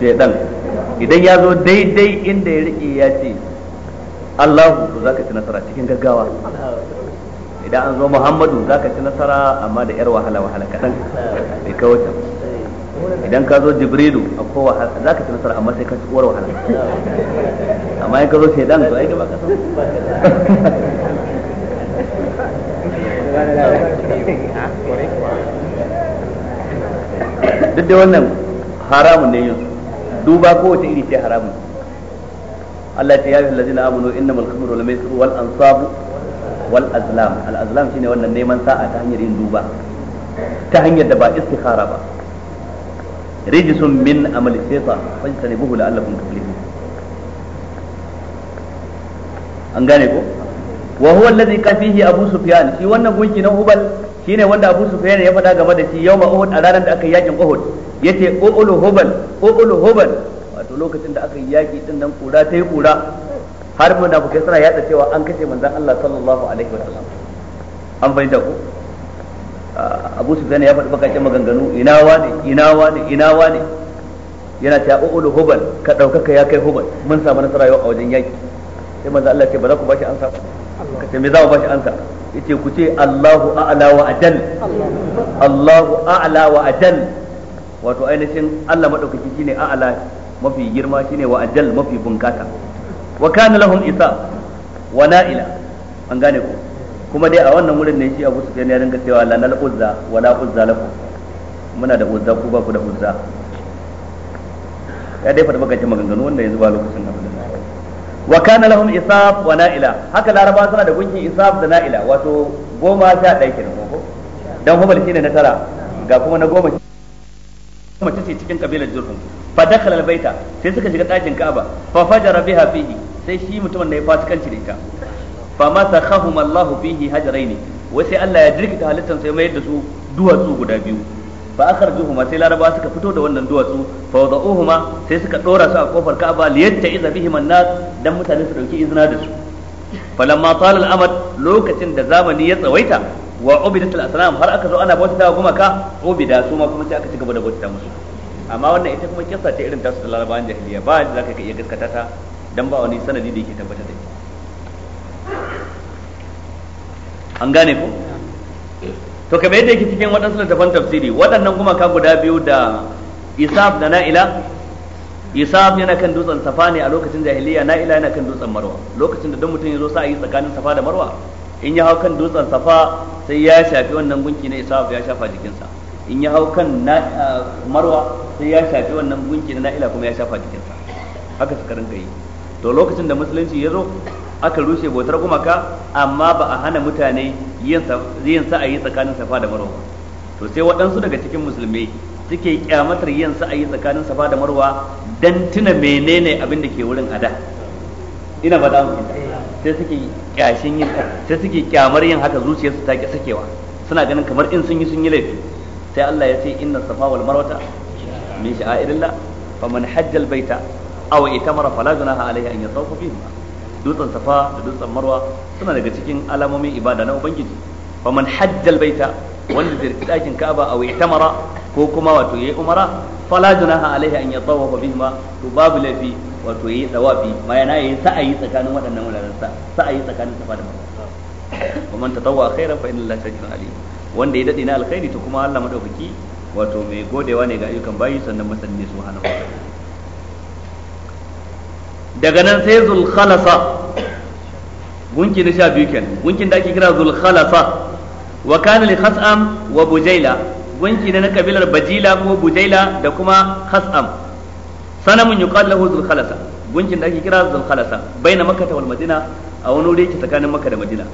shaidan idan ya zo daidai inda ya rike ya ce Allahu za ka ci nasara cikin gaggawa idan an zo Muhammadu za ka ci nasara amma da yar wahala wahala kaɗan bai kawata idan ka zo Jibrilu a kowa za ka ci nasara amma sai ka ci uwar wahala amma in ka zo shaidan to ai gaba ka duk da wannan haramun ne yin duba kowace iri ce haramun Allah ce ya yi lazina amanu innamal khamru wal maisir wal ansabu wal azlam al azlam shine wannan neman sa'a ta hanyar yin duba ta hanyar da ba istikhara ba rijisun min amali shaytan fajtanibuhu la'allakum tuflihun an gane ko wa huwa alladhi yi abu sufyan shi wannan gunki na hubal shine wanda Abu Sufyan ya faɗa game da shi yawma Uhud a ranar da aka yi yakin Uhud yace uulu hubal uulu hubal wato lokacin da aka yi yaki din nan kura tayi kura har munafikai suna yada cewa an kace manzon Allah sallallahu alaihi wasallam an da ku Abu Sufyan ya faɗi bakakken maganganu ina wane ina wane ina wane yana ta uulu hubal ka dauka ya kai hubal mun samu nasara yau a wajen yaki sai manzon Allah ce ba za ku bashi an samu suka ce me za mu bashi ansa yace ku ce Allahu a'la wa ajal Allahu a'la wa ajal wato ainihin Allah madaukaki shine a'la mafi girma shine wa ajal mafi bunkasa wa kana lahum isa wa na'ila an gane ku kuma dai a wannan wurin ne shi Abu Sufyan ya ringa cewa nal uzza wa la uzza lakum muna da uzza ku ba ku da uzza ya dai fata baka maganganu wanda yanzu ba lokacin abin da wa kana lahum isaf wa na'ila haka laraba suna da gunkin isaf da na'ila wato goma sha ɗaya kenan ko dan hubal na tara ga kuma na goma kuma tace cikin kabilar jurhum fa dakhala albayta sai suka shiga ɗakin ka'aba fa fajara biha fihi sai shi mutumin da ya fasikanci da ita fa masakhahum Allahu fihi hajraini wai sai Allah ya dirkita halittan sai mayar da su duwatsu guda biyu fa akharjuhuma sai laraba suka fito da wannan duwatsu fa wada'uhuma sai suka dora su a kofar Ka'aba liyatta iza bihim nas dan mutane su dauki izina da su falamma talal amad lokacin da zamani ya tsawaita wa ubidat al-asnam har aka zo ana bauta gumaka ubida su ma kuma sai aka ci gaba da bauta musu amma wannan ita kuma kissa ce irin tasu da larabawan jahiliya ba za ka iya gaskata ta dan ba wani sanadi da yake tabbatar da ita an gane ko to kamar yadda yake cikin waɗansu littafan tafsiri waɗannan kuma ka guda biyu da isaf da na'ila isaf yana kan dutsen safa ne a lokacin jahiliya na'ila yana kan dutsen marwa lokacin da duk mutum ya zo sa yi tsakanin safa da marwa in ya hau kan dutsen safa sai ya shafi wannan gunki na isaf ya shafa jikinsa in ya hau kan marwa sai ya shafi wannan gunki na na'ila kuma ya shafa jikinsa haka suka rinka yi to lokacin da musulunci ya zo aka rushe bautar gumaka amma ba a hana mutane yin sa'ayi tsakanin safa da marwa to sai waɗansu daga cikin musulmi suke kyamatar yin sa'ayi tsakanin safa da marwa dan tuna menene abin da ke wurin ada ina ba da sai suke kyashin yin sai suke kyamar yin haka zuciyarsu ta ki sakewa suna ganin kamar in sun yi sun yi laifi sai Allah ya ce inna safa wal marwata min sha'airillah faman hajjal baita aw itamara fala junaha alayhi an yatawafa bihima dutsen safa da dutsen marwa suna daga cikin alamomin ibada na ubangiji man hajjal baita wanda zirki dakin ka'aba aw itamara ko kuma wato yayi umara fala junaha alaihi an yatawafa bihima to babu lafi wato yayi tawafi ma'ana yayi sa'ayi tsakanin waɗannan wuraren sa sa'ayi tsakanin safa da marwa faman tatawwa khairan fa inna lillahi shakirun alim wanda ya dade na alkhairi to kuma Allah madaukaki wato mai godewa ne ga ayyukan bayi sannan masani subhanahu wa ta'ala daga nan sai zulkhalasa gunki na sha biyu kenan gunkin da ake kira zulkhalasa wa kana li khas'am wa bujaila gunki na kabilar bajila ko bujaila da kuma khas'am sanamun yuqal lahu zulkhalasa gunkin da ake kira zulkhalasa baina makkah wal madina a wani wuri yake tsakanin makka da madina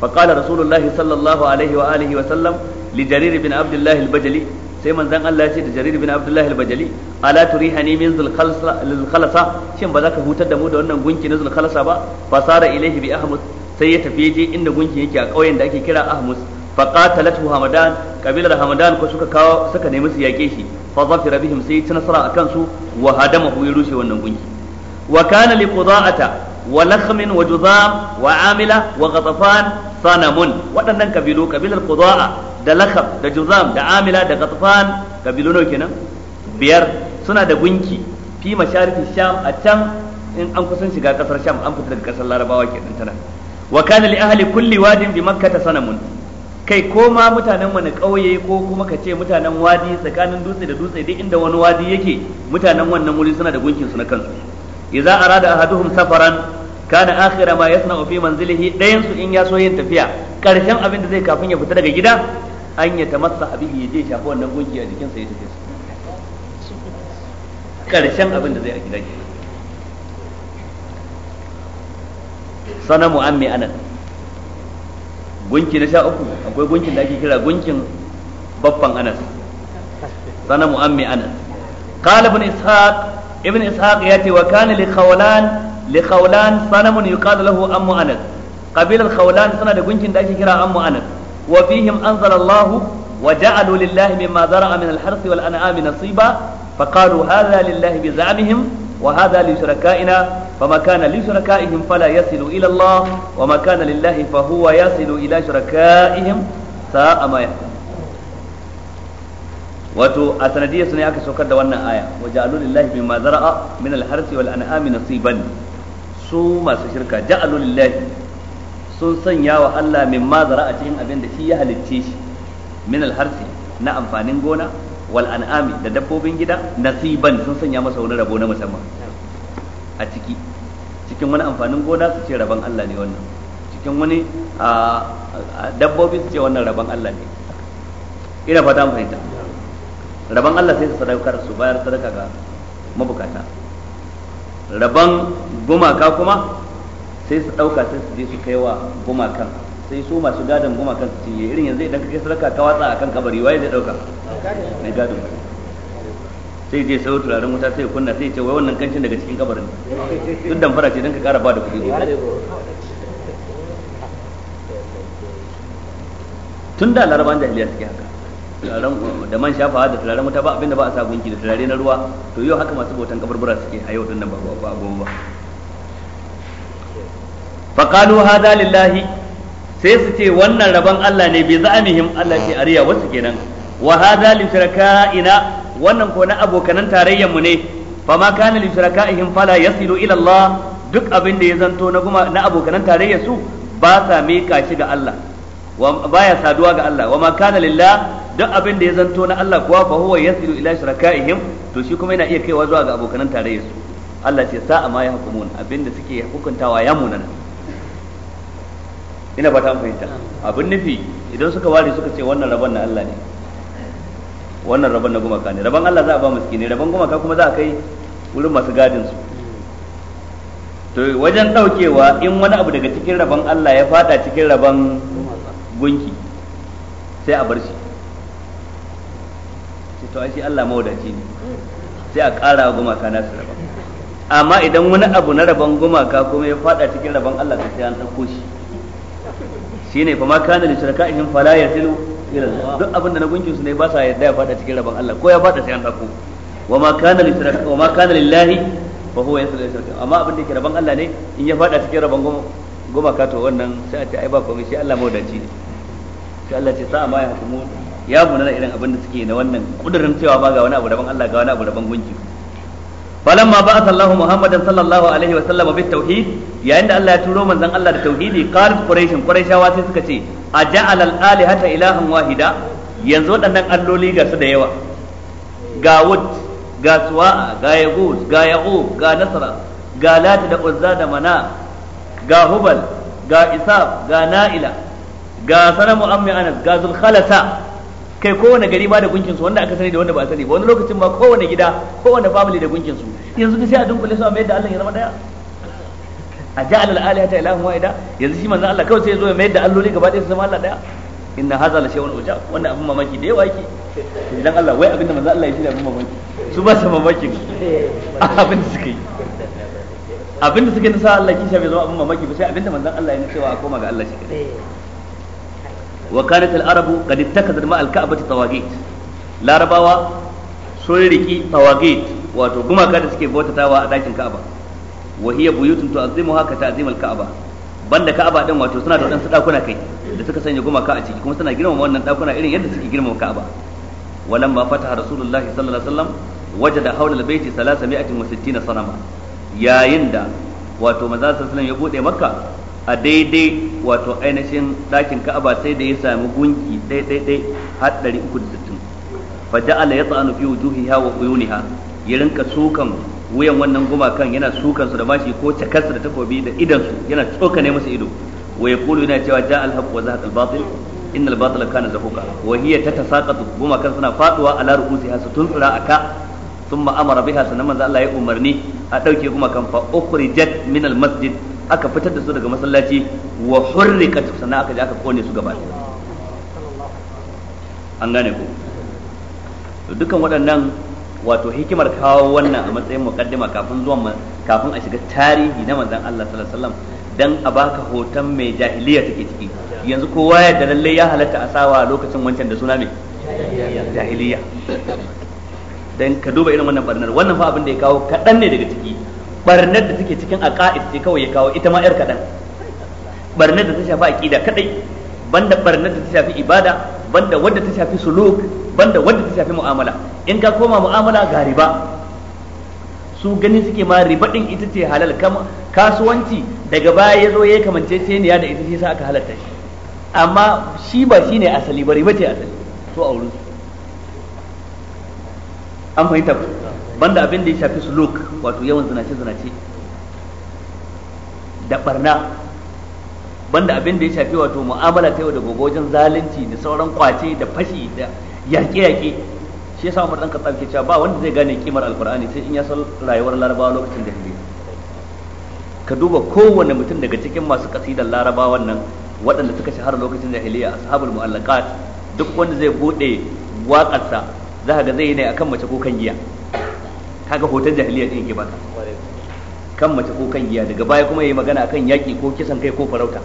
fa qala rasulullahi sallallahu alaihi wa alihi wa sallam li jarir bin abdullah al-bajali sai manzon Allah ya ce da Jarir bin Abdullah al-Bajali ala turihani min zul khalasa shin ba za ka hutar da mu da wannan gunki na zul khalasa ba fasara ilaihi bi ahmus sai ya tafi je inda gunkin yake a ƙauyen da ake kira ahmus fa qatalatu hamadan kabilar hamadan ko suka kawo suka nemi su yake shi fa zafira bihim sai ta nasara akan su wa hadama ya rushe wannan gunki wa kana li quda'ata wa lakhmin wa juzam wa amila wa ghatafan sanamun waɗannan kabilu kabilar quda'a da lakab da juzam da amila da qatfan kabilu nawa kenan biyar suna da gunki fi mashariki sham a can in an kusan shiga kasar sham an fita daga kasar larabawa kenan tana wa kana li ahli kulli wadin bi makkah sanamun kai ko ma mutanen wani ƙauye ko kuma ka ce mutanen wadi tsakanin dutse da dutse duk inda wani wadi yake mutanen wannan wuri suna da gunkin su na kansu idza arada ahaduhum safaran kana akhira ma yasna fi manzilihi dayan su in ya so yin tafiya karshen abin da zai kafin ya fita daga gida an ya tamassa abihi ya je shafa wannan gunki a jikin sa ya tafi karshen abin da zai a gida sanamu ammi anan gunki na sha uku akwai gunkin da ake kira gunkin babban anas sanamu ammi anan qala ibn ishaq ibn ishaq ya ce wa kana li khawlan li sanamun yuqalu lahu ammu anas qabilar khawlan suna da gunkin da ake kira ammu anas wa anzala Allah wa ja'alu lillahi mimma فقالوا هذا لله بزعمهم وهذا لشركائنا فما كان لشركائهم فلا يصل إلى الله وما كان لله فهو يصل إلى شركائهم ساء ما يحكم wato a sanadiyar su ne aka saukar da wannan aya wa ja'alu lillahi mimma zara'a min al-harsi wal an'ami nasiban su masu shirka ja'alu lillahi sun sanya wa Allah min mazara a cikin abin da shi ya halicce shi min alharsi na amfanin gona wal an'ami da dabbobin gida nasiban sun sanya masa wani rabo na musamman a ciki cikin wani amfanin gona su ce rabon Allah ne wannan cikin wani dabbobi su ce wannan rabon Allah ne ina fata mu fahimta rabon Allah sai su sadaukar su bayar sadaka ga mabukata rabon gumaka kuma sai su ɗauka sai su je su kai wa gumakan sai su masu gadon gumakan su cinye irin yanzu idan ka kai sadaka ka watsa akan kabari waye zai ɗauka na gadon sai je sai turaren wuta sai kunna sai ce wai wannan kancin daga cikin kabarin duk damfara ce don ka kara ba da kuɗi tun da laraban jahiliya suke haka turaren da man shafa da turaren wuta ba abinda ba a sa gunki da turare na ruwa to yau haka masu bautan kaburbura suke a yau din nan ba ba ba fa qalu hadha lillahi sai su ce wannan rabon Allah ne bi za'amihim Allah ce ariya wasu kenan wa hadha li shurakaina wannan ko na abokanan tarayyar mu ne fa ma kana li shurakaihim fala yasilu ila Allah duk abin da ya zanto na guma na abokanan tarayyar su ba sa mika shi ga Allah baya saduwa ga Allah wa ma kana lillahi duk abin da ya zanto na Allah kuwa fa huwa yasilu ila shirakaihim to shi kuma yana iya kaiwa zuwa ga abokanan tarayyar su Allah ce sa'a ma ya hukumun abin da suke hukuntawa ya munana ina fata an fahimta abin nufi idan suka ware suka ce wannan rabon na Allah ne wannan rabon na gumaka ne rabon Allah za a ba ne, rabon gumaka kuma za a kai wurin masu gadin su to wajen daukewa in wani abu daga cikin rabon Allah ya fada cikin rabon gunki sai a bar shi to ai shi Allah mawadaci ne sai a ƙara gumaka nasu rabon amma idan wani abu na rabon gumaka kuma ya fada cikin rabon Allah sai an ɗauko shi shine fa ma kana li in fala yasilu ila duk abin da na gunkin su ne ba sa yadda ya fada cikin rabon Allah ko ya fada sai an ɗauko wa ma kana li shirka wa ma kana lillahi fa huwa yasilu ila shirka amma abin da ke rabon Allah ne in ya fada cikin rabon gumaka to wannan sai a ce ai ba komai shi Allah mawadaci ne sai Allah ce sa'a ma ya hukumu ya buna da irin abin da suke na wannan kudurin cewa ba ga wani abu daban Allah ga wani abu daban gunki falamma ba'atha Allahu Muhammadan sallallahu alaihi wa sallam bit tauhid yayin da Allah ya turo manzon Allah da tauhidi qalat quraish quraishawa sai suka ce aja'al al alihata ilahan wahida yanzu waɗannan alloli ga su da yawa ga wud ga suwa'a ga yahud ga ya'ub ga nasra da uzza da mana ga hubal ga ga na'ila ga ga kai kowane gari ba da gunkin su wanda aka sani da wanda ba sani ba wani lokacin ba kowane gida kowane family da gunkin su yanzu sai a dunkule su a mayar da Allah ya zama daya a ja'al al-alihata ilahun wahida yanzu shi manzo Allah kawai sai ya zo ya mayar da alloli gaba ɗaya su zama Allah daya inna hadha la shay'un ujab wanda abin mamaki da yawa yake idan Allah wai abinda manzo Allah ya shi da abin mamaki su ba su mamaki abin da suka yi abin da Allah kisha bai zama abin mamaki ba sai abinda da manzo Allah ya ce wa a koma ga Allah shi kadai wa kanat al-arabu qad ittakhadhat ma al-ka'bati tawagit larabawa sun riki tawagit wato gumaka da suke bautatawa a dakin ka'aba wa hiya buyutun tu'azzimuha ka ta'zim kaaba banda ka'aba din wato suna da waɗansu ɗakuna kai da suka sanya gumaka a ciki kuma suna girmama wannan ɗakuna irin yadda suke girmama ka'aba walamma fataha rasulullahi sallallahu alaihi wasallam wajada hawla al-bayti 360 sanama yayin da wato manzo sallallahu ya bude makka a daidai wato ainihin dakin ka'aba sai da ya sami gunki daidai har uku da sittin fa ja'ala ya tsanu fi wujuhiha wa uyuniha ya rinka sukan wuyan wannan gumakan yana sukan su da mashi ko cakarsa da takobi da idan su yana tsokane masa ido wa yaqulu yana cewa ja'al haqq wa zahaqal batil innal batila kana zahuqa wa hiya tatasaqatu gumakan suna faduwa ala ru'usiha su tuntsura aka thumma amara biha sanan manzo Allah ya umarni a dauke gumakan fa ukhrijat min al masjid aka fitar da su daga masallaci wa hurrikat sannan aka je aka kone su gaba an gane ku dukan waɗannan wato hikimar kawo wannan a matsayin muqaddima kafin zuwan kafin a shiga tarihi na manzon Allah sallallahu alaihi wasallam dan a baka hoton mai jahiliya take ciki yanzu kowa ya da lalle ya halatta asawa lokacin wancan da suna mai jahiliya dan ka duba irin wannan barnar wannan fa abin da ya kawo kaɗan ne daga ciki barnar da take cikin a aqaid ce kawai ya kawo ita ma yar kaɗan. barnar da ta shafi aqida kaɗai. banda barnar da ta shafi ibada banda wadda ta shafi suluk banda wadda ta shafi mu'amala in ka koma mu'amala ga riba su gani suke ma riba din ita ce halal kasuwanci daga baya ya zo ya kamance da ita ce sa aka halatta shi amma shi ba shi ne asali ba riba ce asali to a wurin an fahimta ku banda abin da ya shafi suluk wato yawan zinace zinace da barna banda abin da ya shafi wato mu'amala ta yau da gobe wajen zalunci da sauran kwace da fashi da yaƙe yaƙe shi yasa Umar dan Khattab ke cewa ba wanda zai gane kimar alkur'ani sai in ya san rayuwar Larabawa lokacin da ka duba kowane mutum daga cikin masu kasidar Larabawan nan waɗanda suka shahara lokacin jahiliya ashabul mu'allaqat duk wanda zai bude waƙarsa za ga zai yi ne akan mace ko kan giya kaga hoton jahiliya din yake baka kan mace ko kan giya daga baya kuma yayi magana akan yaki ko kisan kai ko farauta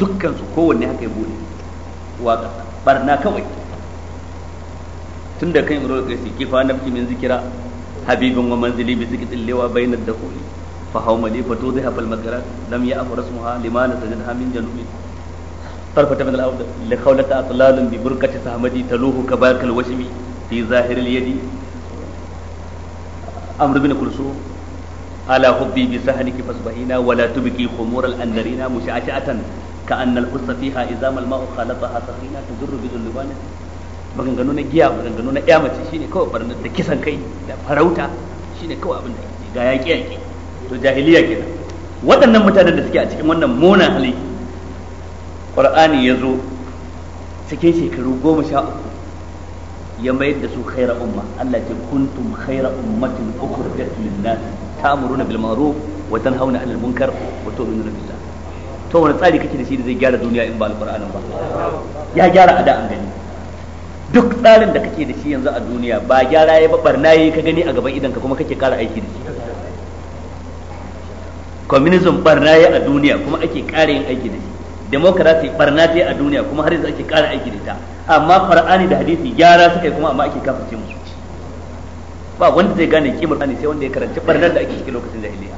dukkan su kowanne haka ya bude waka barna kawai tun da kan imrul qaisi kifa nafsi min zikira habibin wa manzili bi zikri lewa bayna dakhuli fa hawmali fa tudhiha fal makarat lam ya'fur ismuha liman sajadha min janubi طرفة من الأرض bi أطلال ببركة سهمدي تلوه كبارك الوشم في ظاهر yadi. amru bin kulsu ala hubbi bi sahniki fasbahina wala la khumur al andarina musha'atan ka anna al ussa fiha izam al ma'u khalataha safina tudurru bi dhulbani maganganu na giya maganganu na yamace shine kawai barna da kisan kai da farauta shine kawai abin da ga yaki yaki to jahiliya kenan waɗannan mutanen da suke a cikin wannan mona hali qur'ani yazo cikin shekaru goma sha uku ya mayar da su khaira umma Allah ce kuntum khaira ummatin ukhrijat lin-nas ta'muruna bil ma'ruf wa tanhauna 'anil munkar wa tu'minuna billah to wani tsari kake da shi da zai gyara duniya in ba alqur'anin ba ya gyara ada an gani duk tsarin da kake da shi yanzu a duniya ba gyara yayi ba barna yayi ka gani a gaban idan ka kuma kake kara aiki da shi communism barna yayi a duniya kuma ake kara yin aiki da shi democracy barna ta a duniya kuma har yanzu ake kara aiki da ita amma qur'ani da hadisi gyara suka yi kuma amma ake kafirce musu ba wanda zai gane kimar qur'ani sai wanda ya karanci barnar da ake cikin lokacin jahiliya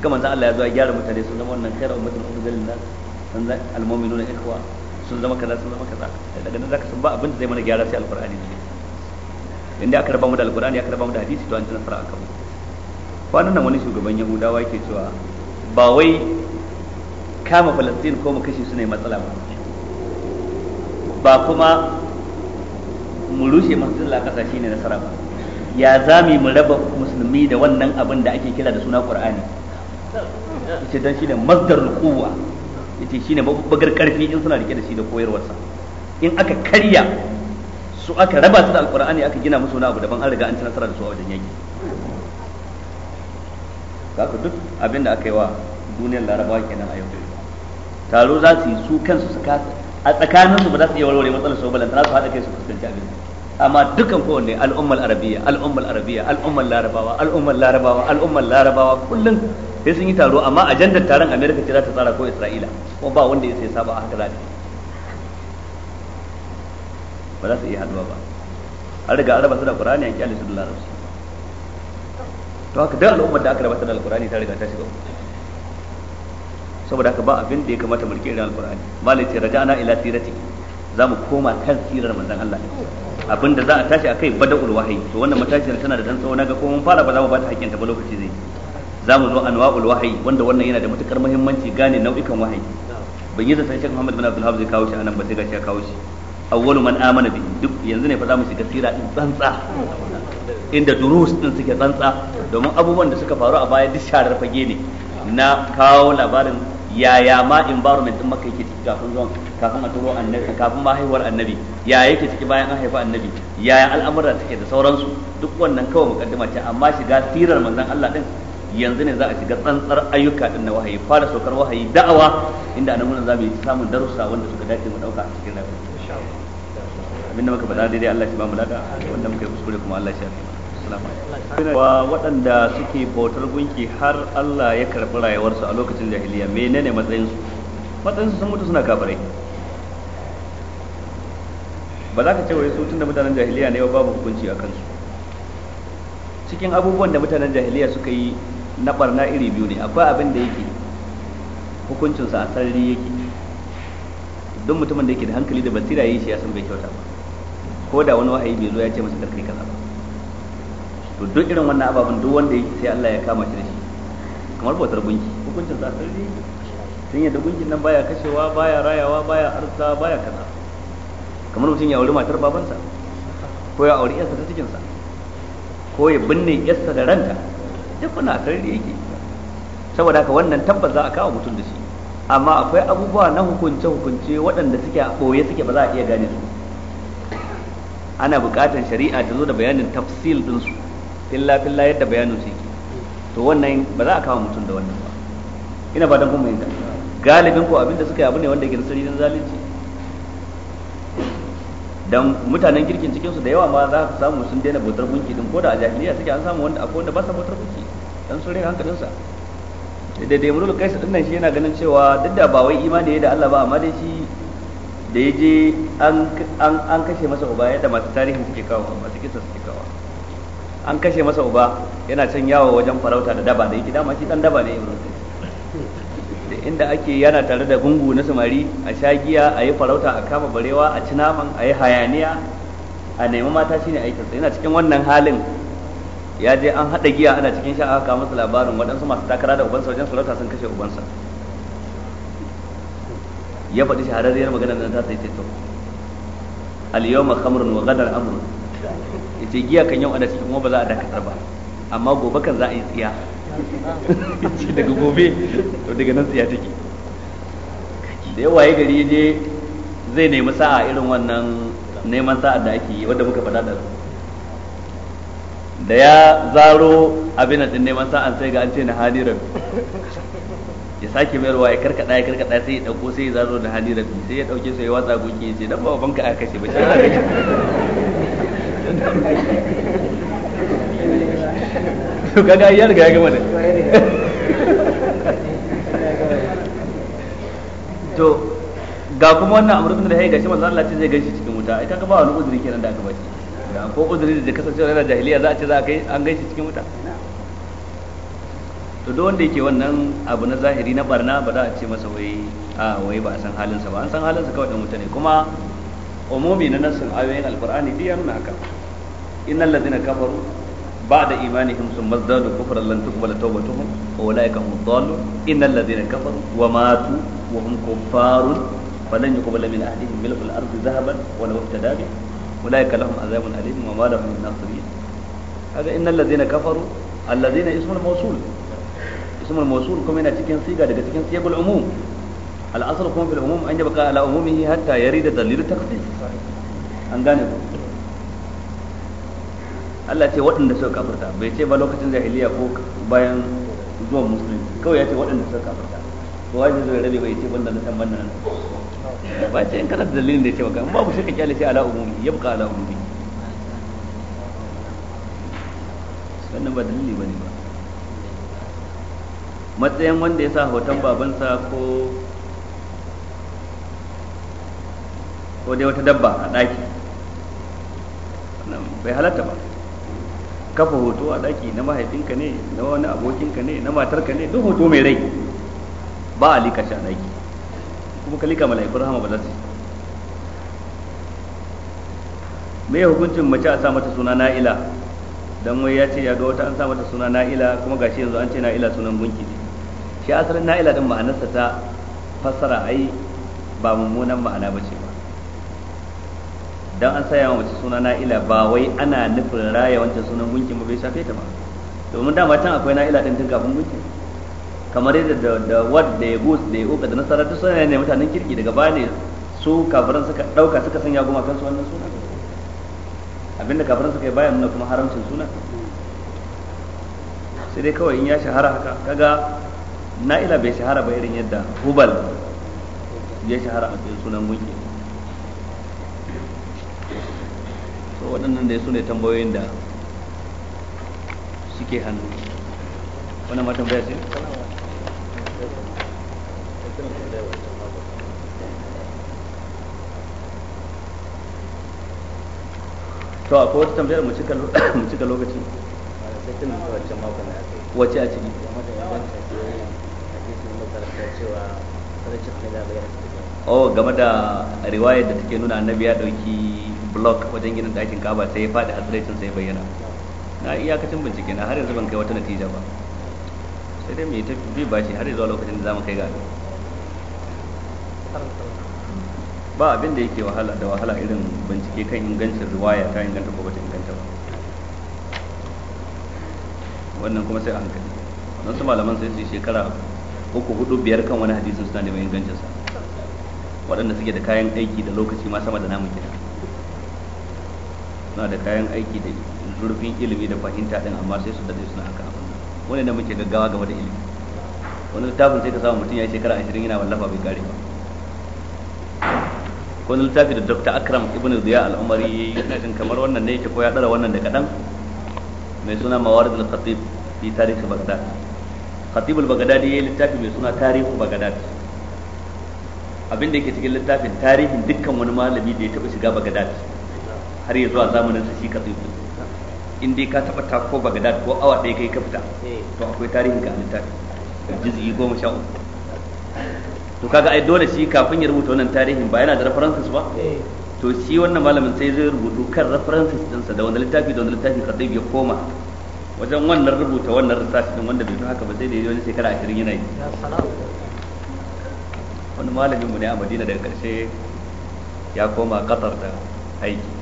ga manzon Allah ya zo ya gyara mutane sun zama wannan khairu ummatin ummatan sun zama almu'minuna ikhwa sun zama kaza sun zama kaza daga nan zaka san ba abin da zai mana gyara sai alqur'ani ne inda aka raba mu da alqur'ani aka raba mu da hadisi to an ji nasara akan mu kwanan nan wani shugaban yahudawa yake cewa ba wai kama falastin ko mu kashe su ne matsala ba ba kuma mu rushe masjidin al-aqsa shine nasara ba ya zami mu raba musulmi da wannan abin da ake kira da suna qur'ani yace dan shine masdarul quwwa yace shine babbar karfi in suna rike da shi da koyarwarsa in aka karya su aka raba su da alqur'ani aka gina musu wani abu daban an riga an ci nasara da su a wajen yaki kaka duk abin da aka yi wa duniyar larabawa kenan a yau taro za su yi su kansu su kasa a tsakanin su ba za su iya warware matsalar su za su haɗa kai su fuskanci abin amma dukan kowanne al'ummar arabiya al'ummar arabiya al'ummar larabawa al'ummar larabawa al'ummar larabawa kullum sai sun yi taro amma ajandar taron america ce za ta tsara ko isra'ila ko ba wanda ya sai saba haka za ba za su iya haduwa ba har daga araba su da qur'ani an kyale su da larabci to haka duk al'ummar da aka rabata da alqur'ani ta riga ta shiga saboda haka ba abin da ya kamata mu irin alkur'ani malai ce raja'ana ila sirati za mu koma kan sirar manzon Allah abin da za a tashi akai bada'ul wahayi to wannan matashiyar tana da dan tsawo naga ko mun fara ba za mu ba ta hakkin ta ba lokaci zai za mu zo anwa'ul wahayi wanda wannan yana da matukar muhimmanci gane nau'ikan wahayi ban yi zata Sheikh Muhammad bin Abdul Hafiz kawo shi anan ba sai ga shi kawo shi awwalu man amana bi duk yanzu ne fa za mu shiga sira din tsantsa inda durus din suke tsantsa domin abubuwan da suka faru a baya duk sharar fage ne na kawo labarin yaya ma environment din maka yake ciki kafin zuwan kafin a turo annabi kafin ma haihuwar annabi yaya yake ciki bayan an haifa annabi yaya al'amuran take da sauransu duk wannan kawai mukaddima ce amma shiga sirar manzon Allah din yanzu ne za a shiga tsantsar ayyuka din na wahayi fara saukar wahayi da'awa inda anan mun za mu yi samun darussa wanda suka dace mu dauka a cikin rayuwa abinda muka faɗa daidai Allah shi ba mu lada wanda muka yi kuskure kuma Allah shi ya fi islam wa waɗanda suke bautar gunki har Allah ya karɓi rayuwarsu a lokacin jahiliya menene matsayinsu matsayinsu sun mutu suna kafirai ba za ka ce wai su tunda mutanen jahiliya ne babu hukunci a kansu cikin abubuwan da mutanen jahiliya suka yi na barna iri biyu ne akwai abin da yake hukuncinsa a sarari yake don mutumin da yake da hankali da basira yi shi ya san bai kyauta ba ko da wani wahayi bai zo ya ce masa karkai kaza ba to duk irin wannan ababen duk wanda yake sai Allah ya kama shi da shi kamar bautar gunki hukuncin sa sarri sun yadda gunkin nan baya kashewa baya rayawa baya arsa baya kaza kamar mutum ya auri matar babansa ko ya auri yarsa ta cikinsa ko ya binne yarsa da ranta duk wani da yake saboda haka wannan tabbas za a kawo mutum da shi amma akwai abubuwa na hukunce hukunce waɗanda suke a ɓoye suke ba za a iya gane su ana buƙatar shari'a ta zo da bayanin tafsil ɗinsu illa billah yadda bayanin su yake to wannan ba za a kawo mutum da wannan ba ina ba dan kuma yin galibin ko abinda suka yi abu ne wanda yake da sirrin zalunci dan mutanen kirkin cikin su da yawa ma za ka samu sun daina bautar gunki din ko da a jahiliya suke an samu wanda akwai wanda ba sa bautar gunki dan sun rage hankalin sa da da Imrul Qais din nan shi yana ganin cewa duk da ba wai imani da Allah ba amma dai shi da yaje an an kashe masa uba yadda masu tarihin suke kawo masu kisa suke kawo an kashe masa uba yana can yawo wajen farauta da daba da yake dama shi dan daba ne da inda ake yana tare da gungu na samari a shagiya a yi farauta a kama barewa a ci naman a yi hayaniya a nemi mata shine aikinsa yana cikin wannan halin ya je an haɗa giya ana cikin sha'a ka masa labarin waɗansu masu takara da ubansa wajen sarauta sun kashe ubansa ya faɗi shahararriyar maganar da ta sai ce to al yawma khamrun wa gadar amrun ce giya kan yau ana cikin kuma ba za a dakatar ba amma gobe kan za a yi tsiya daga gobe to daga nan tsiya take da yawa ya gari je zai nemi sa'a irin wannan neman sa'a da ake yi wadda muka faɗa da su da ya zaro abin da neman sa'a sai ga an ce na hadiran ya sake mayarwa ya karkada ya karkada sai ya dauko sai ya zaro da hadiran sai ya dauke sai ya watsa gunki ya ce dan ba banka aka kashe ba to kaga ya riga ya gama da to ga kuma wannan amru bin rahi gashi manzo Allah ce zai gaishe cikin wuta ai kaga ba wani uzuri kenan da aka bashi da ko uzuri da kasancewa yana jahiliya za a ce za a kai an gaishe cikin wuta to duk wanda yake wannan abu na zahiri na barna ba za a ce masa wai a wai ba a san halinsa ba an san halinsa kawai dan mutane kuma umumi na nassin ayoyin alqur'ani duk ya haka innal ladina kafaru ba'da imanihim summa zadu kufran lan tuqbala tawbatuhum wa ulaika hum dhalun innal ladina kafaru wa matu wa hum kuffarun falan yuqbala min ahlihim mil'ul ardi dhahaban wa law iftada bi ulaika lahum adhabun alim wa ma lahum min nasirin kaga innal ladina kafaru alladina ismul mawsul ismul mawsul kuma yana cikin siga daga cikin sigul umum al kuma fil umum an yabqa ala umumihi an gane Allah ce waɗanda suka kafirta bai ce ba lokacin jahiliya ko bayan zuwan musulunci kawai ya ce waɗanda suka kafirta to wani zai rabe bai ce banda na san banda na ba ce in kana dalilin da ya ce maka ba ku shi ka kyale ala umumi buka ala umumi wannan ba dalili ne ba matsayin wanda ya sa hoton babansa ko ko dai wata dabba a ɗaki bai halatta ba kafa hoto a daki na mahaifinka ne na wani abokinka ne na matarka ne duk hoto mai rai ba a lika shi a daki kuma ka lika mala'ikun rahama ba za su me hukuncin mace a sa mata suna na'ila dan wai ya ce ya ga wata an sa mata suna na'ila kuma gashi yanzu an ce na'ila sunan gunki ne shi asalin na'ila din ma'anarsa ta fassara ai ba mummunan ma'ana ba ce dan an saya wa mace suna na'ila ba wai ana nufin raya wancan sunan gunkin ba bai shafe ta ba domin dama can akwai na'ila din tun kafin gunkin kamar yadda da wad da ya gus da ya uka da nasara duk sunan ne mutanen kirki daga baya ne su kafiran suka dauka suka sanya goma kan su wannan suna abinda kafiran suka yi bayan nuna kuma haramcin suna sai dai kawai in ya shahara haka kaga na'ila bai shahara ba irin yadda hubal ya shahara a cikin sunan gunkin to waɗannan da su ne tambayoyin da suke hannu wani matan bayan ce to akwai wata tambayar mu cika lokaci wace a ciki oh game da riwayar da take nuna annabi ya dauki block wajen ginin ɗakin kaba sai ya faɗi hasiraicin sai bayyana na iyakacin bincike na har yanzu ban kai wata natija ba sai dai mai tafi ba shi har zuwa lokacin da za mu kai ga ba abin da yake wahala da wahala irin bincike kan ingancin riwaya ta inganta ko bata inganta ba wannan kuma sai a hankali don su malaman sai su shekara uku hudu biyar kan wani hadisin suna neman ingancinsa waɗanda suke da kayan aiki da lokaci ma sama da namun gida suna da kayan aiki da zurfin ilimi da fahimta din amma sai su daɗe suna haka wani da muke gaggawa game da ilimi wani littafin sai ka samu mutum ya shekara ashirin yana wallafa bai kare ba wani littafi da dr akram ibn ziya al'umari ya yi jin kamar wannan ne yake ko ya ɗara wannan da kaɗan mai suna mawarid al-khatib fi tarihi bagdad khatib al-bagdadi ya yi littafi mai suna tarihi bagdad abin da yake cikin littafin tarihin dukkan wani malami da ya taɓa shiga bagdad har yanzu zuwa zamanin sa shi tsaye in dai ka taba ta ko bagadad ko awa ɗaya kai ka fita to akwai tarihin ka a littafi juz'i goma sha uku to kaga ai dole shi kafin ya rubuta wannan tarihin ba yana da references ba to shi wannan malamin sai zai rubutu kan references ɗinsa da wanda littafi da wanda littafi tsaye ya koma wajen wannan rubuta wannan research ɗin wanda bai zo haka ba sai da yayi wani shekara ashirin yana yi wani malamin mu ne a Madina daga karshe ya koma ƙasar da aiki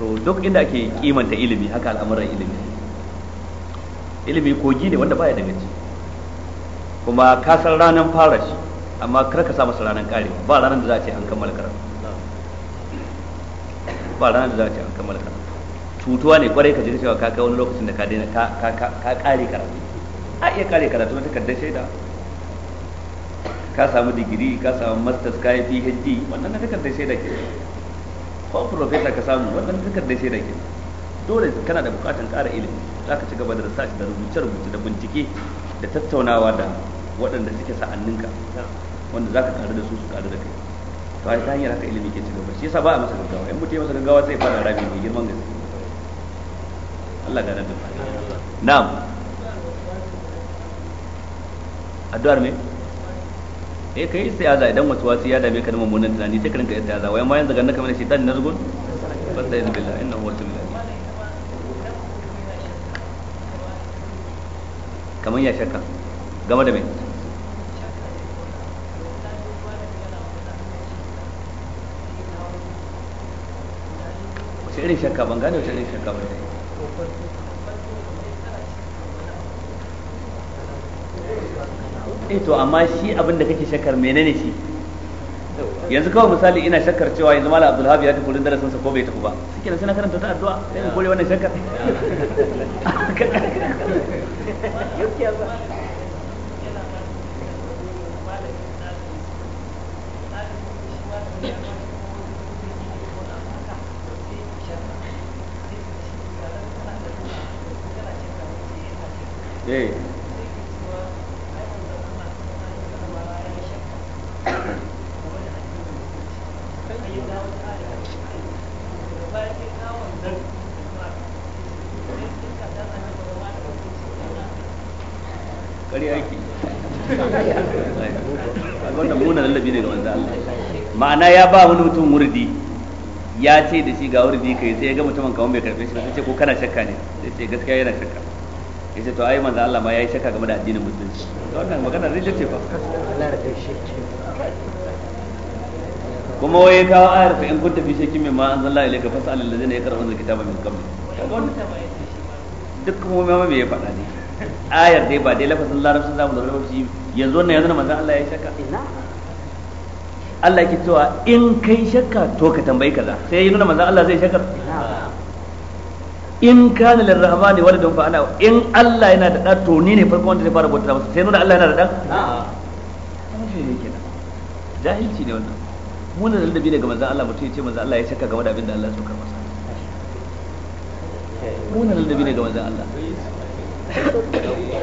to duk inda ake kimanta ilimi haka al'amuran ilimi ilimi kogi ne wanda baya da gaci kuma ka san ranar fara shi amma kar ka sa masa ranar karewa ba ranar da za a ce an kammala karatu ba ranar da za a ce an kammala karatu cutuwa ne kwarai ka ji cewa ka kai wani lokacin da ka daina ka kare karatu a iya kare karatu na takardar shaida ka samu digiri ka samu masters ka yi phd wannan na takardar shaida ke ko profesa ka samu wannan takardar shaida ke dole kana da bukatan ƙara ilimi za ka ci gaba da rasashi da rubuce-rubuce da bincike da tattaunawa da waɗanda suke sa'anninka wanda za ka karu da su su karu da kai to a ta hanyar haka ilimi ke ci gaba shi yasa ba a masa gaggawa in mutum ya masa gaggawa zai fara rami mai girman gaske Allah ga nan da na'am addu'ar me eh kai istiaza idan wasu wasu ya dame ka da mummunan tunani sai ka rinka istiaza wai ma yanzu ganna kamar shaitan na nazgun fastaiz billah inna huwa samiul alim kamar ya shakka game da me wace irin shakka ban gane wace irin shakka ba eh to amma shi abin da kake shakkar menene shi yanzu kawai misali ina shakar cewa yanzu malam abdul ya tafi wurin darasinsa ko bai tafi ba shikenan sai na karanta ta addu'a sai in kore wannan shakkar ya ba wani mutum wurdi ya ce da shi ga wurdi kai sai ya ga mutumin kawai bai karfe shi ba sai ce ko kana shakka ne sai ce gaskiya yana shakka ya ce to ai manzo Allah ma yayi shakka game da addinin musulunci to wannan magana zai ce fa kuma wai ya kawo ayar fa in kun tafi shakki mai ma anzalla ilayka fasal allazina yaqra'una alkitaba min qabl duk kuma mai mai ya faɗa ne ayar dai ba dai lafazin larabcin zamu da rubuci yanzu wannan yanzu manzo Allah ya shakka Allah yake cewa in kai shakka to ka tambayi kaza sai ya nuna manzon Allah zai shakka in kana lirrahmani waladun fa ana in Allah yana da da to ni ne farkon wanda zai fara bauta masa sai nuna Allah yana da da jahilci ne wannan mun da ladabi daga manzon Allah mutum ya ce manzon Allah ya shakka game da abin da Allah ya saukar masa mun da ladabi daga ga manzon Allah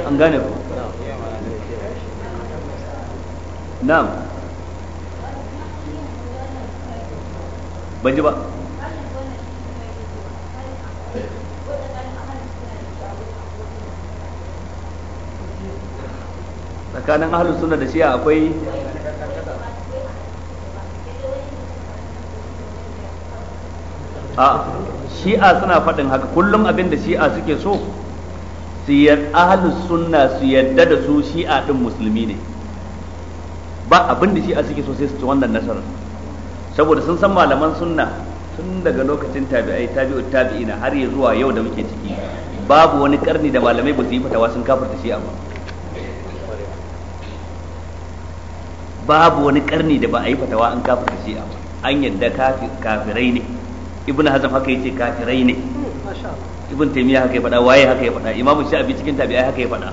an gane ku na'am ban ji ba tsakanin ahalus suna da shi'a akwai a shi'a suna faɗin haka kullum abin da shi'a suke so su ahalus sunna su yadda da su shi'a ɗin musulmi ne ba abin da shi'a suke so sai su ci wannan nasarar saboda sun san malaman sunna tun daga lokacin tabi'ai tabi'u tabi'ina har yi zuwa yau da muke ciki babu wani karni da malamai ba su yi fatawa sun kafirta shi amma babu wani karni da ba a yi fatawa an kafirta shi amma an yadda kafirai ne ibn hazm haka yace kafirai ne ibn taymiya haka ya faɗa waye haka ya faɗa imamu shafi cikin tabi'ai haka ya faɗa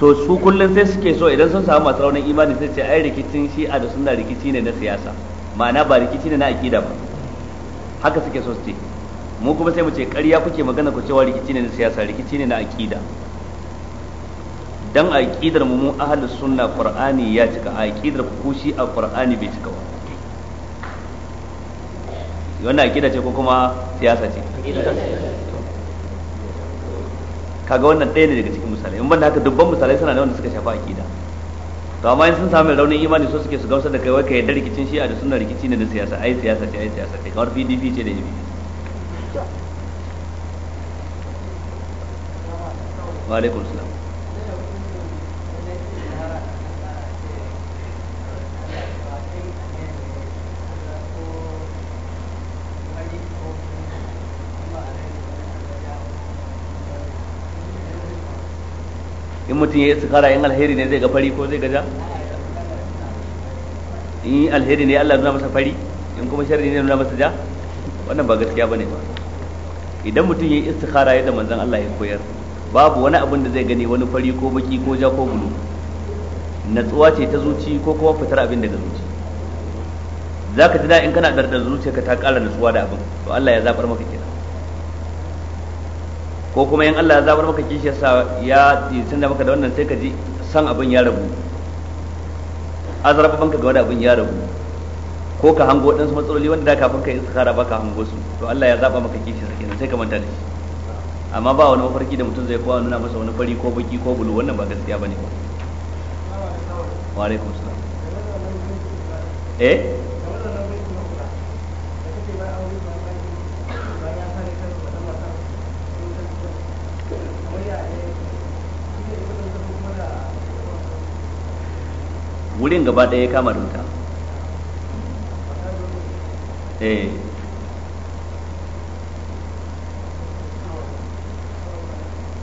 to su kullum sai suke so idan sun samu masu raunin imani sai ce ai rikicin shi a da suna rikici ne na siyasa ma'ana ba rikici ne na akida ba haka suke so su ce mu kuma sai mu ce ƙarya kuke magana ku cewa rikici ne na siyasa rikici ne na akida dan aqidar mu mu ahlus sunna qur'ani ya cika aqidar ku shi a qur'ani bai cika ba wannan aqida ce ko kuma siyasa ce kaga wannan ɗaya ne daga cikin misalai in da haka dubban misalai suna da wanda suka shafa aqida to amma in sun samu raunin imani so suke su gamsar da kai wai kai da rikicin a da sunna rikici ne na siyasa ai siyasa ce ai siyasa ce kawar PDP ce da yabi wa alaikum salam in mutum ya yi istikhara in alheri ne zai ga fari ko zai ga ja in alheri ne Allah nuna masa fari in kuma sharri ne nuna masa ja wannan ba gaskiya bane ba idan mutum ya yi istikhara yadda manzon Allah ya koyar babu wani abin da zai gani wani fari ko baki ko ja ko bulu natsuwa ce ta zuci ko kuma fitar abin daga zuci zaka ji da in kana dardar zuciyarka ta ƙara natsuwa da abin to Allah ya zabar maka ke ko kuma in Allah ya zabar maka kishi yasa ya tsinda maka da wannan sai ka ji san abin ya rabu azrafa banka ga wani abin ya rabu ko ka hango waɗansu matsaloli wanda da kafin ka yi istikhara ba baka hango su to Allah ya zaba maka kishi sa kenan sai ka manta da shi amma ba wani mafarki da mutum zai kowa nuna masa wani fari ko baki ko bulu wannan ba gaskiya bane ba wa alaikum salam eh wurin gaba ɗaya ya kama da wuta eh.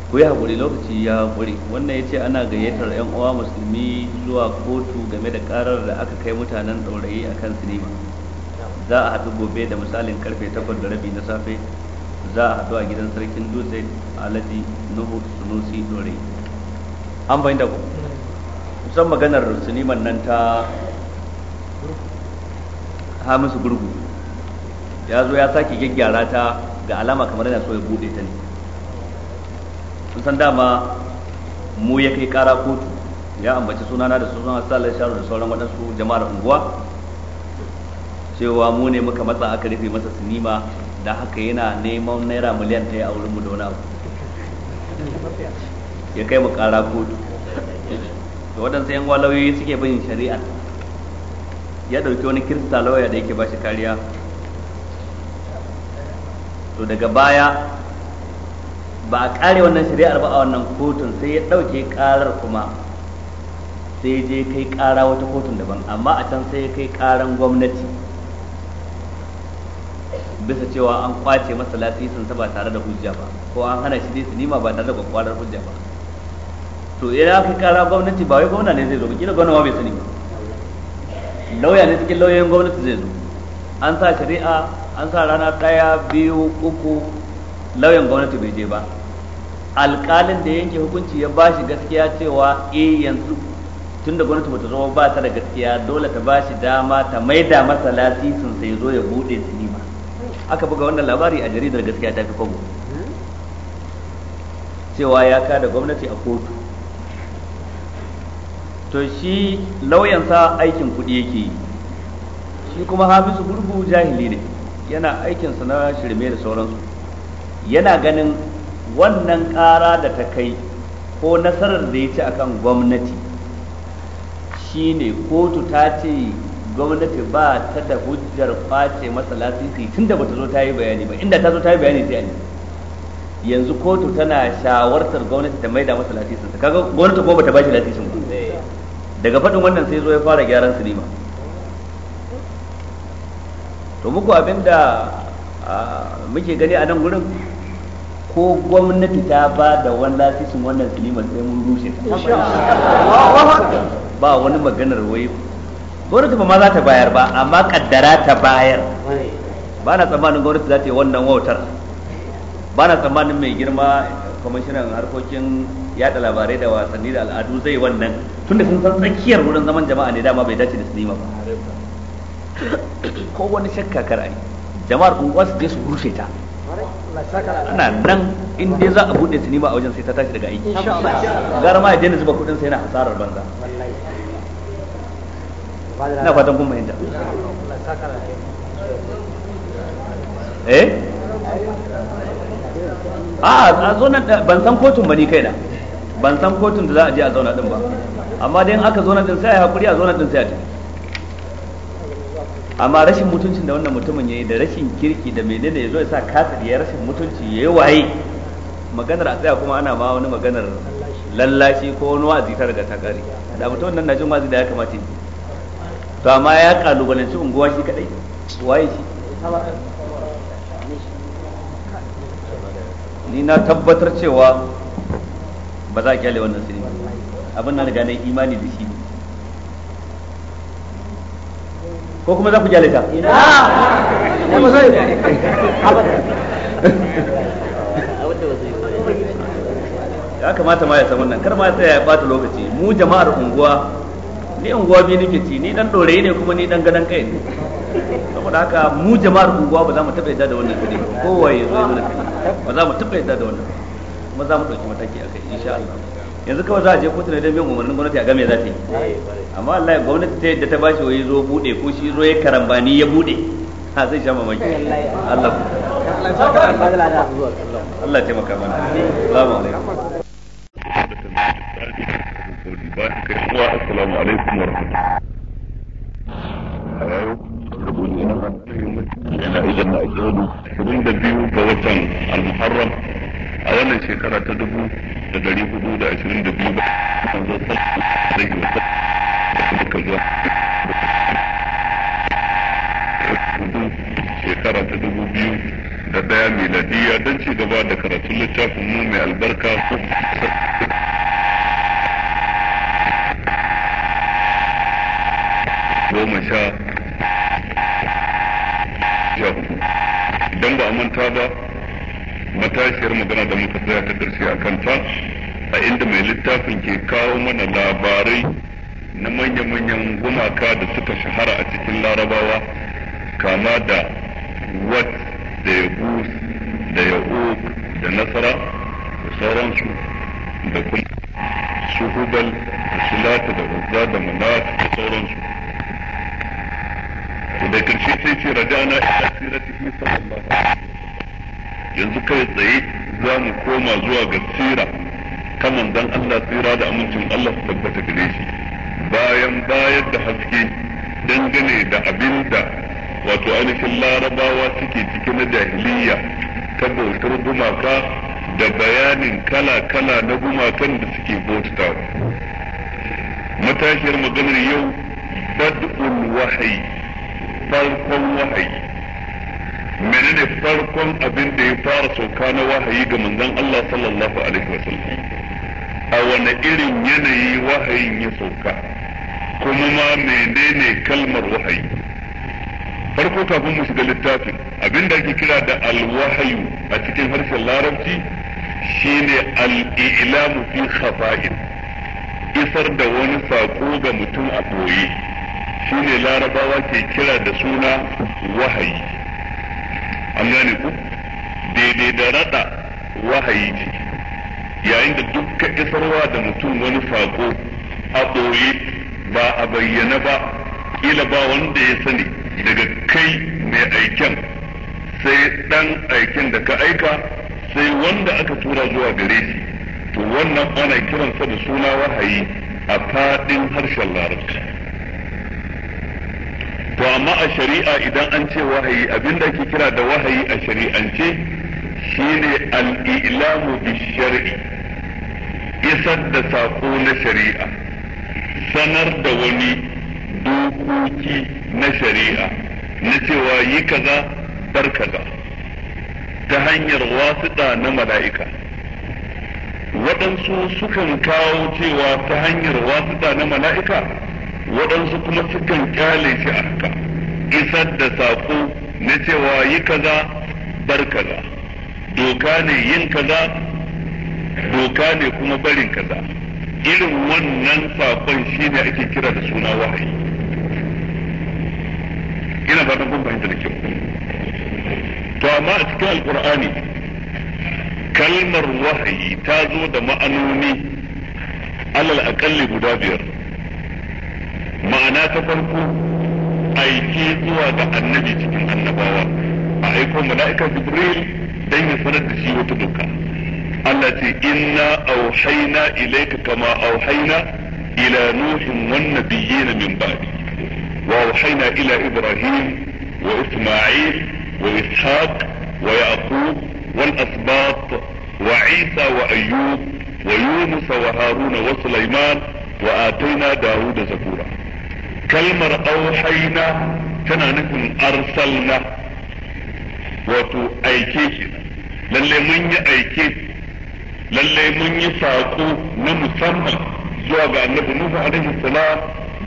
ku yi haƙuri lokaci ya haƙuri wannan ya ce ana gayyatar 'yan uwa musulmi zuwa kotu game da karar da aka kai mutanen tsaurayi a kan sinima za a haɗu gobe da misalin karfe 8 da rabi na safe za a haɗu a gidan sarkin dutse Ladi nuhu sunusi tsaurayi an fahimta ku san maganar suniman nan ta hamisu gurgu ya zo ya sake gyaggyara ta ga alama kamar yana so ya bude ta ne sun san dama mu ya kai kara kotu ya ambaci sunana da sunan asalar sharu da sauran waɗansu jama'ar unguwa cewa mu ne muka matsa aka rufe masa sinima da haka yana neman naira miliyan ta yi a wurin da wani abu ya kai mu kara kotu da waɗansu yan lauyoyi suke bin shari'a ya ɗauki wani kirista lauya da yake ba shi kariya to daga baya ba a ƙare wannan shari'ar ba a wannan kotun sai ya ɗauke ƙarar kuma sai je kai ƙara wata kotun daban amma a can sai ya kai ƙaran gwamnati bisa cewa an kwace masa lasisin ba tare da hujja ba ko an hana shi dai sinima ba tare da kwakwarar hujja ba to idan aka kara gwamnati ba wai gwamna ne zai zo kila gwamna ma bai sani lauya ne cikin lauyoyin gwamnati zai zo an sa shari'a an sa rana ɗaya biyu uku lauyan gwamnati bai je ba alkalin da yanke hukunci ya bashi gaskiya cewa eh yanzu tunda gwamnati bata zo ba ta da gaskiya dole ta bashi dama ta maida masa lasisin sai zo ya bude sinima aka buga wannan labari a jaridar gaskiya ta fi kwabo cewa ya kada gwamnati a kotu to shi lauyansa aikin kuɗi yake yi shi kuma hafizu gurbu jahili ne yana aikinsa na shirme da sauransu yana ganin wannan ƙara da ta kai ko nasarar da ya ci akan gwamnati shine kotu ta ce gwamnati ba ta da hujjar kwace masa lasisi tunda bata zo ta yi bayani ba inda ta zo ta yi bayani sai yanzu kotu tana shawartar gwamnati ta maida masa lasisin kaga gwamnati ko bata ba shi lasisin ba daga faɗin wannan sai zo ya fara gyaran sinima to muku abinda muke gani a nan gurin ko gwamnati ta ba da wani lasisin wannan sinima sai mun rushe ba wani maganar wai gwamnati ba ma za ta bayar ba amma kaddara ta bayar ba na tsammanin gwamnati za ta yi wannan wautar ba na tsammanin mai girma kwamishinan harkokin yada labarai da wasanni da al'adu zai wannan tunda sun san tsakiyar wurin zaman jama'a ne dama bai dace da sinima ba ko wani shakka kar ai jama'ar kun wasu je su rushe ta ana nan in dai za a bude sinima a wajen sai ta tashi daga aiki gara ma ya daina zuba kudin sai yana hasarar banza na fatan kun fahimta eh a a da ban san kotun ba ni na ban san kotun da za a je a zauna din ba amma dan aka zo nan din sai a hakuri a zo din sai a tafi amma rashin mutuncin da wannan mutumin yayi da rashin kirki da menene yazo ya sa kasa ya rashin mutunci yayi waye maganar a tsaya kuma ana ma wani maganar lallashi ko wani wazi ta riga ta kare da mutum nan na jin wazi da ya kamata to amma ya kalubalanci unguwa shi kadai waye shi ni na tabbatar cewa ba za a kyale wannan sirri abin na riga na imani da shi ko kuma za ku kyale ta ya kamata ma ya san wannan kar ma ya tsaya ya bata lokaci mu jama'ar unguwa ni unguwa biyu nake ci ni dan dorayi ne kuma ni dan gadan kai ne saboda haka mu jama'ar unguwa ba za mu taɓa yadda da wannan kare kowa ya zo ya mana kare ba za mu taɓa yadda da wannan kuma za mu ɗauki mataki a kai insha Allah yanzu kawai za a je kotu ne don bin umarnin gwamnati a game za ta yi amma Allah ya gwamnati ta yadda ta bashi wai zo bude ko shi zo ya karambani ya bude ha zai sha mamaki Allah ku Allah taimaka mana salamu alaikum Assalamu alaikum warahmatullahi yana idan na ake hudu shirin da biyu ga watan al a wannan shekara ta dubu da dari hudu da ashirin da a zo sai da suka zuwa shekara ta dubu biyu da daya miladiya don ci gaba da karatun littafin mu mai albarka goma sha idan ba a manta ba matashiyar magana da muka tsaya ta karshe a kanta a inda mai littafin ke kawo mana labarai na manya-manyan gumaka da suka shahara a cikin larabawa kama da wat da ya da ya da nasara da sauransu da kuma suhubal da sulata da uzza da manat da sauransu da karshe sai ce rajana ila siratihi sallallahu alaihi yanzu kai tsaye za mu koma zuwa ga sira ta manzon Allah tsira da amincin Allah su tabbata gare shi bayan bayar da haske dangane da abinda wato ainihin larabawa suke ciki na jahiliya ta bautar gumaka da bayanin kala-kala na gumakan da suke bautawa matashiyar maganar yau bad'ul wahayi farkon wahayi menene farkon abin da ya fara sauka na wahayi ga manzon Allah sallallahu alaihi wasallam a wane irin yanayi wahayin ya sauka kuma ma menene kalmar wahayi farko kafin mu shiga littafin abin da ake kira da alwahayu a cikin harshen larabci shine al-i'lamu fi khafa'in isar da wani sako ga mutum a boye Shi ne larabawa ke kira da suna wahayi an gane ku daidai da rada wahayi ce yayin da dukkan isarwa da mutum wani fako a ɓoye ba a bayyana ba ila ba wanda ya sani daga kai mai aiken sai ɗan aiken da ka aika sai wanda aka tura zuwa gare shi to wannan ana kiransa da suna wahayi a faɗin harshen larabci to amma a shari'a idan an ce wahayi abinda ake kira da wahayi a shari'ance shine al'ilamu ilamu bi isar da saƙo na shari'a sanar da wani dokoki na shari'a na cewa yi kaza bar kaza ta hanyar wasuɗa na mala'ika waɗansu sukan kawo cewa ta hanyar wasuɗa na mala'ika waɗansu kuma sukan kyale shi a haka isar da saƙo na cewa yi kaza bar kaza doka ne yin kaza doka ne kuma barin kaza irin wannan saƙon shi ne ake kira da suna wahayi ina ba kun fahimta da kyau to amma a cikin alkur'ani kalmar wahayi ta zo da ma'anoni alal aƙalli guda biyar ma'ana ta farko aiki zuwa ga annabi cikin annabawa a aiko mala'ika jibril dan ya sanar da shi wata doka Allah ce inna auhayna ilayka kama auhayna ila nuhin wan nabiyyin min ba'di wa auhayna ila ibrahim wa isma'il wa ishaq wa yaqub wal asbat wa isa wa ayyub wa sulaiman wa atayna daud zakur kalmar auhaina tana nufin arsalna wato aike ke lalle mun yi aike lalle mun yi saƙo na musamman zuwa ga annabi Nuhu alaihi salam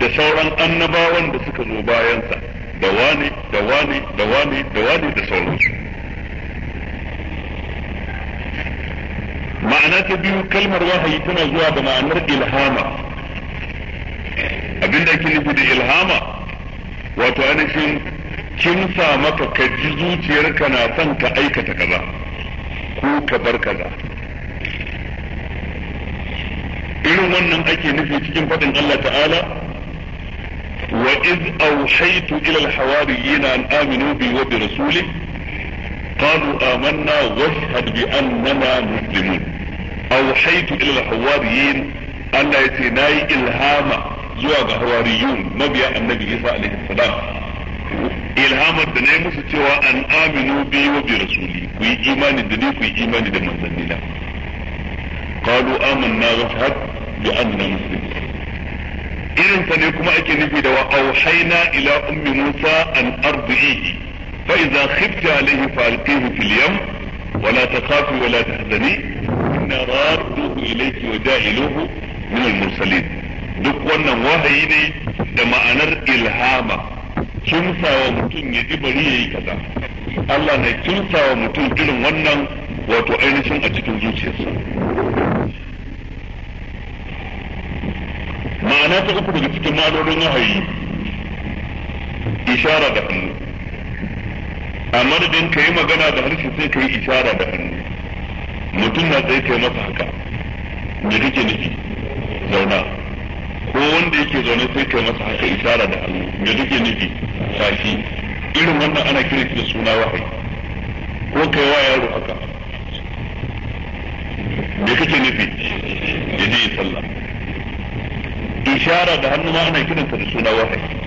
da sauran annabawan da suka zo bayansa da wane da wane da wane da wane da sauransu ma'ana ta biyu kalmar wahayi tana zuwa da ma'anar ilhama abinda ake nufi da ilhama wato ainihin sa maka ka ji zuciyarka na son ka aikata kaza ko ka bar kaza irin wannan ake nufi cikin faɗin Allah ta'ala wa iz awhaytu ila al-hawariyina an aminu bi wa bi rasuli قالوا آمنا واشهد بأننا مسلمون أوحيت إلى الحواريين أن nayi ilhama. zuwa ga hawariyun mabiya annabi isa alaihi salam ilhamar da na yi musu cewa an aminu bi wa bi rasuli ku yi imani da ni ku yi imani da manzanni na qalu amanna wa shahad bi anna muslim irin sa ne kuma ake nufi da wa auhayna ila ummi musa an ardihi fa idza khifti alayhi fa alqihi fil yam wa la takhafi wa la tahzani inna radduhu ilayki wa ja'iluhu min al mursalin duk wannan wahayi ne da ma'anar ilhama kimsawa mutum ya ji bari ya yi kaza Allah na kimsawa mutum irin wannan wato ainihin a cikin zuciyarsa ma'ana ta uku daga cikin ma'anonin wahayi ishara da hannu a madadin ka yi magana da harshe sai ka yi ishara da hannu mutum na tsaye ka yi masa haka da kake nufi zauna ko wanda yake zaune sai kai masa haka isara da hannu me duke nufi shafi irin wannan ana kira shi da suna wahayi ko kai wa yaro haka me kake nufi ya je sallah isara da hannu ma ana kiranta da suna wahayi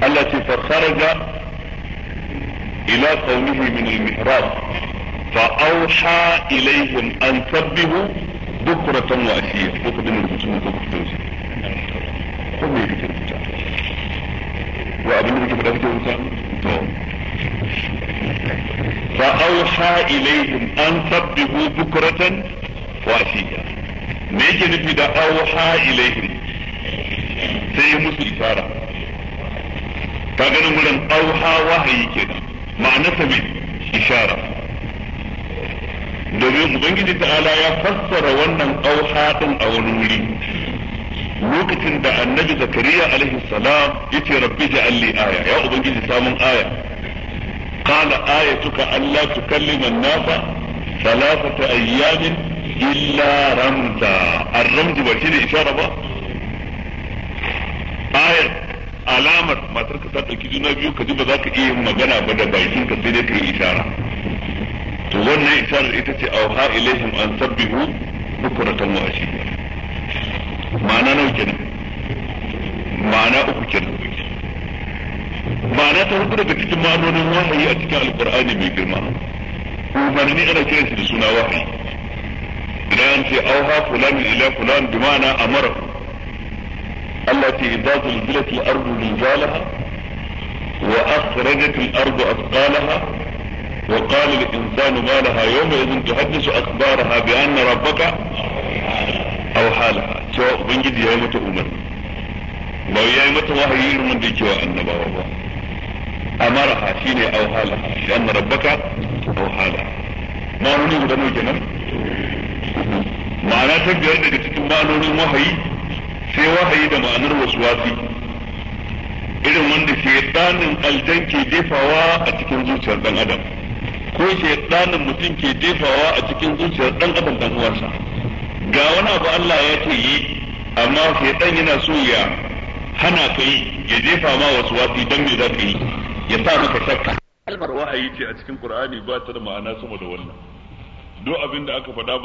Allah ce fa kharaja ila qaumihi min al-mihrab fa awha ilayhim an tabbihu bukratan wa ashiya ko kudin mutum ko kudin ko me kake rubuta wa abin da kake faɗa kake rubuta to fa auha ilaihim an sabbihu bukratan wa asiya me yake nufi da auha ilaihim sai ya musu isara ka ganin wurin auha wahayi kenan ma'anarsa me isara domin ubangiji ta'ala ya fassara wannan auha din a wani wuri lokacin da annabi zakariya alaihi salam yace rabbi ja'al li aya ya ubangiji samun aya qala ayatuka alla tukallima an-nasa thalathata ayyamin illa ramta ar-ramji ba shine isharar ba Aya alamar matar ka ta dauki juna biyu ka ji ba za ka iya yin magana ba da bakin ka sai dai ka ishara to wannan isharar ita ce auha ilaihim an sabbihu bukratan wa ashiya ma'ana nau kenan ma'ana uku kenan ma'ana ta hudu daga cikin ma'anonin wahayi a cikin alkur'ani mai girma umarni ana kiran shi da suna wahayi idan an ce auha fulan ila fulan bi ma'ana amara Allah ce idza zulzilat al-ardu zilzalaha wa akhrajat al-ardu athqalaha wa qala al-insanu ma laha yawma idhin tuhaddisu akhbaraha bi anna rabbaka aw halaha cewa ubangiji ya yi mata umarni ba ya yi mata wahayi irin wanda cewa annabawa ba amara ha shine auhala ya amma rabbaka auhala wani guda nawa kenan ma'ana ta biyar daga cikin ma'anonin wahayi sai wahayi da ma'anar wasu wafi irin wanda ke shaidanin aljan ke jefawa a cikin zuciyar dan adam ko ke shaidanin mutum ke jefawa a cikin zuciyar dan adam dan uwarsa ga wani abu Allah ya ce yi amma shaitan yana so ya hana ka yi ya jefa ma wasu wasu dan me za ka yi ya sa maka shakka kalmar wahayi ce a cikin Qur'ani ba ta da ma'ana sama da wannan duk abin da aka faɗa ba